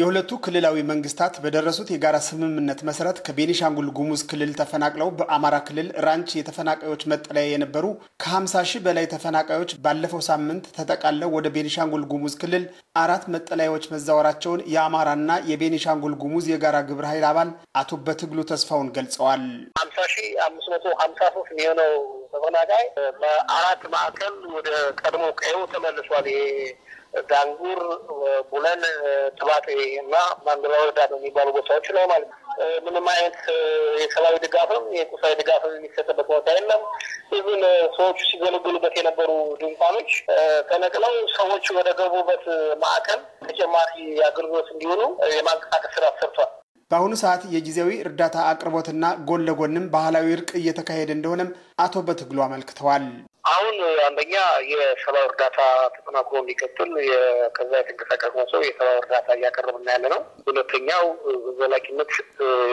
የሁለቱ ክልላዊ መንግስታት በደረሱት የጋራ ስምምነት መሰረት ከቤኒሻንጉል ጉሙዝ ክልል ተፈናቅለው በአማራ ክልል ራንች የተፈናቃዮች መጠለያ የነበሩ ከ50 ሺህ በላይ ተፈናቃዮች ባለፈው ሳምንት ተጠቃለው ወደ ቤኒሻንጉል ጉሙዝ ክልል አራት መጠለያዎች መዛወራቸውን የአማራና የቤኒሻንጉል ጉሙዝ የጋራ ግብረ ኃይል አባል አቶ በትግሉ ተስፋውን ገልጸዋል። ሺ አምስት መቶ ሀምሳ ሶስት የሚሆነው ተፈናቃይ በአራት ማዕከል ወደ ቀድሞ ቀዩ ተመልሷል። ይሄ ዳንጉር፣ ቡለን፣ ጥባጤ እና ማንድራ ወረዳ ነው የሚባሉ ቦታዎች ነው ማለት ነው። ምንም አይነት የሰብአዊ ድጋፍም የቁሳዊ ድጋፍም የሚሰጥበት ቦታ የለም። ይህን ሰዎቹ ሲገለገሉበት የነበሩ ድንኳኖች ተነቅለው ሰዎች ወደ ገቡበት ማዕከል ተጨማሪ አገልግሎት እንዲሆኑ የማንቀሳቀስ ስራ ተሰርቷል። በአሁኑ ሰዓት የጊዜያዊ እርዳታ አቅርቦትና ጎን ለጎንም ባህላዊ እርቅ እየተካሄደ እንደሆነም አቶ በትግሉ አመልክተዋል። አሁን አንደኛ የሰብአዊ እርዳታ ተጠናክሮ እንዲቀጥል ከዛ የተንቀሳቀስ ነው ሰው የሰብአዊ እርዳታ እያቀረብና ያለ ነው። ሁለተኛው ዘላቂነት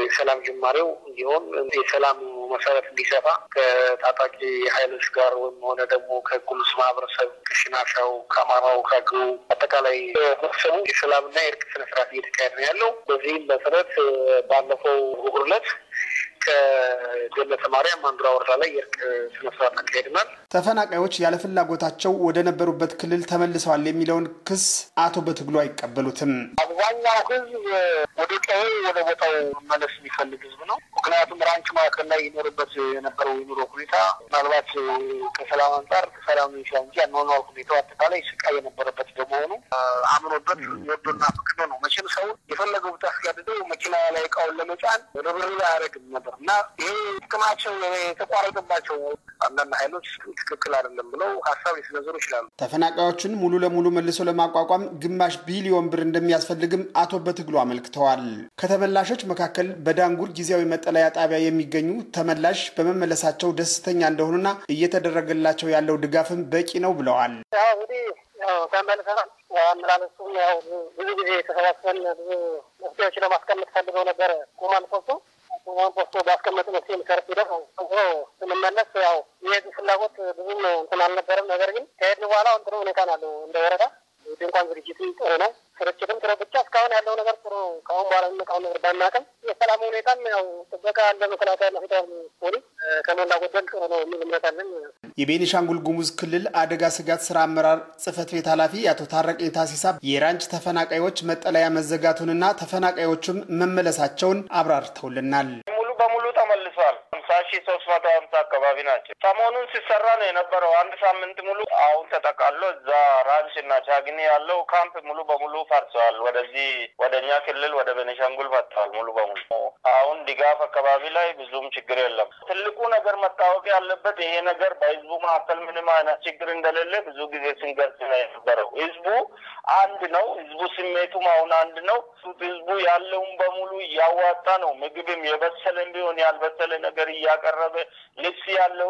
የሰላም ጅማሬው እንዲሆን የሰላም መሰረት እንዲሰፋ ከታጣቂ ኃይሎች ጋር ወይም ሆነ ደግሞ ከጉልስ ማህበረሰብ ከሽናሻው፣ ከአማራው፣ ከግ አጠቃላይ ህብረተሰቡ የሰላምና የእርቅ ስነስርዓት እየተካሄድ ነው ያለው። በዚህም መሰረት ባለፈው እሑድ ዕለት ከገለተ ማርያም አንዱራ ወረዳ ላይ የእርቅ ስነስርዓት አካሄድናል። ተፈናቃዮች ያለ ፍላጎታቸው ወደ ነበሩበት ክልል ተመልሰዋል የሚለውን ክስ አቶ በትግሉ አይቀበሉትም። አብዛኛው ህዝብ ወደ ቀዬ ወደ ቦታው መለስ የሚፈልግ ህዝብ ነው። ምክንያቱም ራንች ማዕከል ላይ ይኖርበት የነበረው የኑሮ ሁኔታ ምናልባት ከሰላም አንጻር ከሰላም ሚሻ እንጂ አኗኗር ሁኔታው አጠቃላይ ስቃይ የነበረበት በመሆኑ አምኖበት ወዶና ፍቅዶ ነው። መቼም ሰው የፈለገው ብታስገድደው መኪና ላይ እቃውን ለመጫን ርብርብ አያደርግም ነበር እና ይሄ ጥቅማቸው የተቋረጠባቸው አንዳንድ ኃይሎች ትክክል አይደለም ብለው ሀሳብ ሊሰነዝሩ ይችላሉ። ተፈናቃዮችን ሙሉ ለሙሉ መልሶ ለማቋቋም ግማሽ ቢሊዮን ብር እንደሚያስፈልግም አቶ በትግሉ አመልክተዋል። ከተመላሾች መካከል በዳንጉር ጊዜያዊ መጠለያ ጣቢያ የሚገኙ ተመላሽ በመመለሳቸው ደስተኛ እንደሆኑና እየተደረገላቸው ያለው ድጋፍም በቂ ነው ብለዋል። ተመልሰናል። አመላለሱም ያው ብዙ ጊዜ ተሰባስበን ብዙ ለማስቀመጥ ፈልገው ነበረ ቁማን ሶስቱ ባስቀመጥ መፍትሄ መሰረት ስንመለስ ያው ፍላጎት ብዙም እንትን አልነበረም። ነገር ግን ከሄድን በኋላ አሁን ጥሩ ሁኔታ ያለው እንደ ወረዳ ድንኳን ዝግጅትም ጥሩ ነው። ስርጭትም ጥሩ ብቻ እስካሁን ያለው ነገር ጥሩ። ከአሁን በኋላ የሚመጣውን ነገር ባናቅም የሰላም ሁኔታም ያው ጥበቃ እንደ መከላከያ ፖሊስ ከሞላ ጎደል ጥሩ ነው የሚል እምነት አለን። የቤኒሻንጉል ጉሙዝ ክልል አደጋ ስጋት ስራ አመራር ጽህፈት ቤት ኃላፊ አቶ ታረቀኝ ታሲሳ የራንች ተፈናቃዮች መጠለያ መዘጋቱንና ተፈናቃዮቹም መመለሳቸውን አብራርተውልናል። ሺ ሶስት መቶ ሀምሳ አካባቢ ናቸው። ሰሞኑን ሲሰራ ነው የነበረው አንድ ሳምንት ሙሉ። አሁን ተጠቃሎ እዛ ራንች እና ቻግኒ ያለው ካምፕ ሙሉ በሙሉ ፈርሰዋል። ወደዚህ ወደ እኛ ክልል ወደ ቤኒሻንጉል ፈጥተዋል ሙሉ በሙሉ። አሁን ድጋፍ አካባቢ ላይ ብዙም ችግር የለም። ትልቁ ነገር መታወቅ ያለበት ይሄ ነገር በህዝቡ መካከል ምንም አይነት ችግር እንደሌለ ብዙ ጊዜ ስንገልጽ ነው የነበረው። ህዝቡ አንድ ነው። ህዝቡ ስሜቱም አሁን አንድ ነው። ህዝቡ ያለውን በሙሉ እያዋጣ ነው። ምግብም የበሰለን ቢሆን ያልበሰለ ነገር እያ ያቀረበ ልብስ ያለው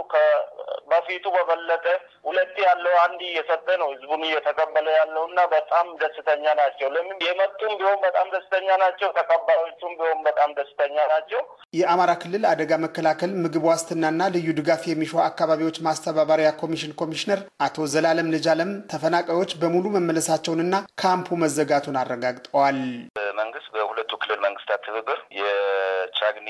በፊቱ በበለጠ ሁለት ያለው አንድ እየሰጠ ነው ህዝቡን እየተቀበለ ያለው እና በጣም ደስተኛ ናቸው። ለምን የመጡም ቢሆን በጣም ደስተኛ ናቸው። ተቀባዮቹም ቢሆን በጣም ደስተኛ ናቸው። የአማራ ክልል አደጋ መከላከል ምግብ ዋስትናና ልዩ ድጋፍ የሚሹ አካባቢዎች ማስተባበሪያ ኮሚሽን ኮሚሽነር አቶ ዘላለም ልጅ አለም ተፈናቃዮች በሙሉ መመለሳቸውንና ካምፑ መዘጋቱን አረጋግጠዋል። ክልል መንግስታት ትብብር የቻግኒ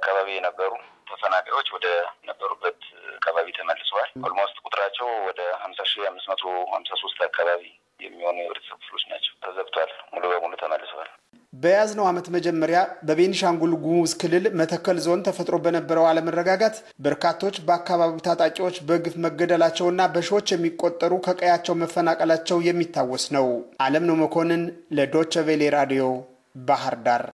አካባቢ የነበሩ ተፈናቃዮች ወደ ነበሩበት አካባቢ ተመልሰዋል። ኦልሞስት ቁጥራቸው ወደ ሀምሳ ሺህ አምስት መቶ ሀምሳ ሶስት አካባቢ የሚሆኑ የህብረተሰብ ክፍሎች ናቸው። ተዘግቷል። ሙሉ በሙሉ ተመልሰዋል። በያዝነው ዓመት መጀመሪያ በቤኒሻንጉል ጉሙዝ ክልል መተከል ዞን ተፈጥሮ በነበረው አለመረጋጋት በርካቶች በአካባቢው ታጣቂዎች በግፍ መገደላቸውና በሺዎች የሚቆጠሩ ከቀያቸው መፈናቀላቸው የሚታወስ ነው። አለም ነው መኮንን ለዶቸቬሌ ራዲዮ Bahardar